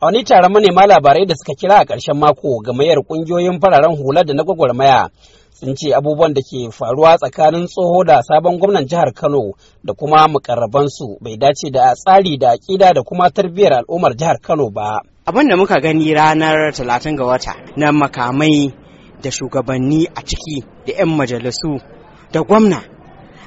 A wani taron manema labarai da suka kira a ƙarshen mako mayar ƙungiyoyin fararen hula da na gwagwarmaya sun ce abubuwan da ke faruwa tsakanin tsoho da sabon gwamnan jihar Kano da kuma mukarrabansu bai dace da tsari da aƙida da kuma tarbiyyar al'ummar jihar Kano ba. Abin da muka gani ranar talatin ga wata na makamai da shugabanni a ciki da 'yan majalisu da gwamna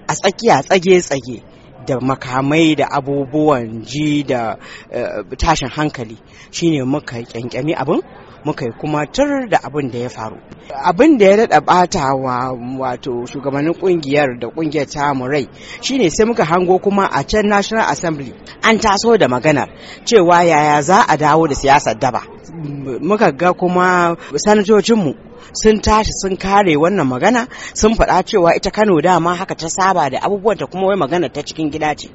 a tsakiya tsage-tsage da makamai da abubuwan ji da eh, tashin hankali shine muka kyankyami abin muka yi kuma tur da abin da ya faru abin da ya daɗa ɓata wa wato shugabannin ƙungiyar da ƙungiyar ta murai shine sai muka hango kuma a can national assembly an taso da maganar cewa yaya za a dawo da siyasar daba muka ga kuma sanatocinmu sun tashi sun kare wannan magana sun faɗa cewa ita kano dama haka ta saba da abubuwan ta kuma wai magana ta cikin gida ce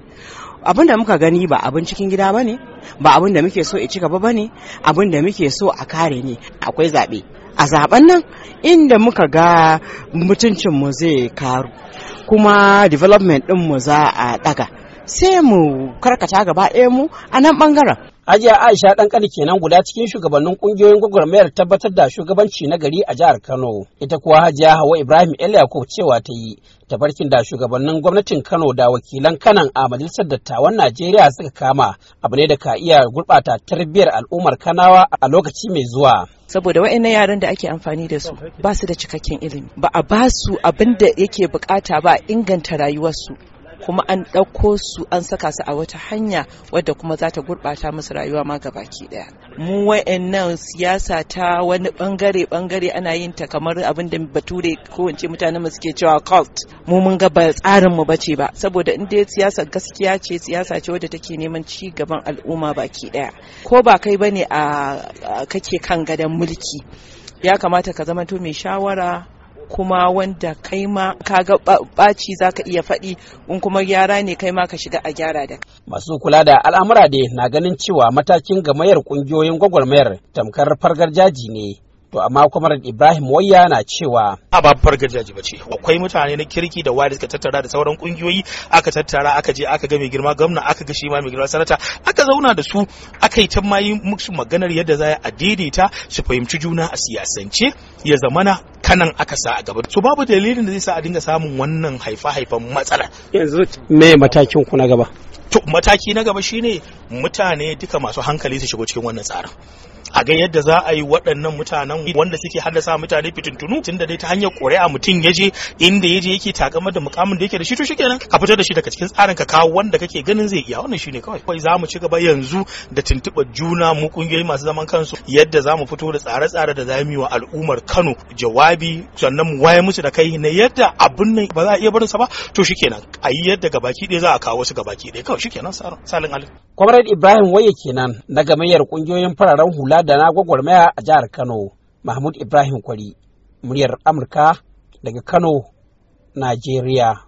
abin da muka gani ba abin cikin gida ba ne ba abin da muke so a ci gaba ba ne abin da muke so a kare ne akwai zaɓe a zaben nan inda muka ga mutuncinmu zai karu kuma development ɗinmu za a ɗaga sai mu karkata gaba ɗaya mu a nan ɓangaren Ajiya Aisha ɗan kenan guda cikin shugabannin ƙungiyoyin gwagwarmayar tabbatar da shugabanci na gari a jihar Kano. Ita kuwa Hajiya Hawa Ibrahim El Yakub cewa ta yi tabarkin da shugabannin gwamnatin Kano da wakilan Kanan a Majalisar Dattawan Najeriya suka kama abu ne da ka iya gurɓata tarbiyyar al'ummar Kanawa a lokaci mai zuwa. saboda wa'annan yaran da ake amfani da su ba su da cikakken ilimi ba a ba su abin da yake bukata ba inganta rayuwarsu kuma an ɗauko su an saka su a wata hanya wadda kuma za ta gurɓata musu rayuwa ma baki ɗaya mu wa'annan siyasa ta wani bangare bangare ana yin ta kamar abin da bature ko in mutanen mu suke cewa cult mu mun ga ba tsarin mu bace ba saboda in dai siyasa gaskiya ce siyasa ce wadda take neman ci gaban al'umma baki ɗaya ko ba kai bane a kake kan gadon mulki ya kamata ka zama to mai shawara kuma wanda kai ma ka ga ɓaci za ka iya faɗi in kuma gyara ne kai ma ka shiga a gyara da masu kula da al'amura dai na ganin cewa matakin gamayar ƙungiyoyin gwagwarmayar tamkar fargar jaji ne to amma kuma ibrahim wayya na cewa a ba jaji ba ce akwai mutane na kirki da wari suka tattara da sauran kungiyoyi aka tattara aka je aka ga mai girma gwamna aka ga shi ma mai girma sanata aka zauna da su aka yi ta mayi musu maganar yadda za a daidaita su fahimci juna a siyasance ya zamana kanan aka sa a gaba so babu dalilin da zai sa a dinga samun wannan haifa-haifan matsala yanzu me matakin ku na gaba to mataki na gaba shine mutane duka masu hankali su shigo cikin wannan tsarin a ga yadda za a yi waɗannan mutanen wanda suke haddasa mutane fitintunu da dai ta hanyar ƙuri'a mutum ya je inda ya je yake takamar da mukamin da yake da shi to shikenan ka fitar da shi daga cikin tsarin ka kawo wanda kake ganin zai iya wannan shine kawai kai za mu ci gaba yanzu da tuntuɓar juna mu kungiyoyi masu zaman kansu yadda za mu fito da tsare-tsare da za mu yi wa al'ummar Kano jawabi sannan mu waye musu da kai na yadda abin nan ba za a iya barinsa ba to shikenan a yi yadda gabaki ɗaya za a kawo su gabaki ɗaya kawai shikenan salin Ibrahim Waye kenan na gamayyar kungiyoyin fararen hula da na gwagwarmaya a jihar Kano, Mahmud Ibrahim Kwari, muryar Amurka daga Kano, Najeriya.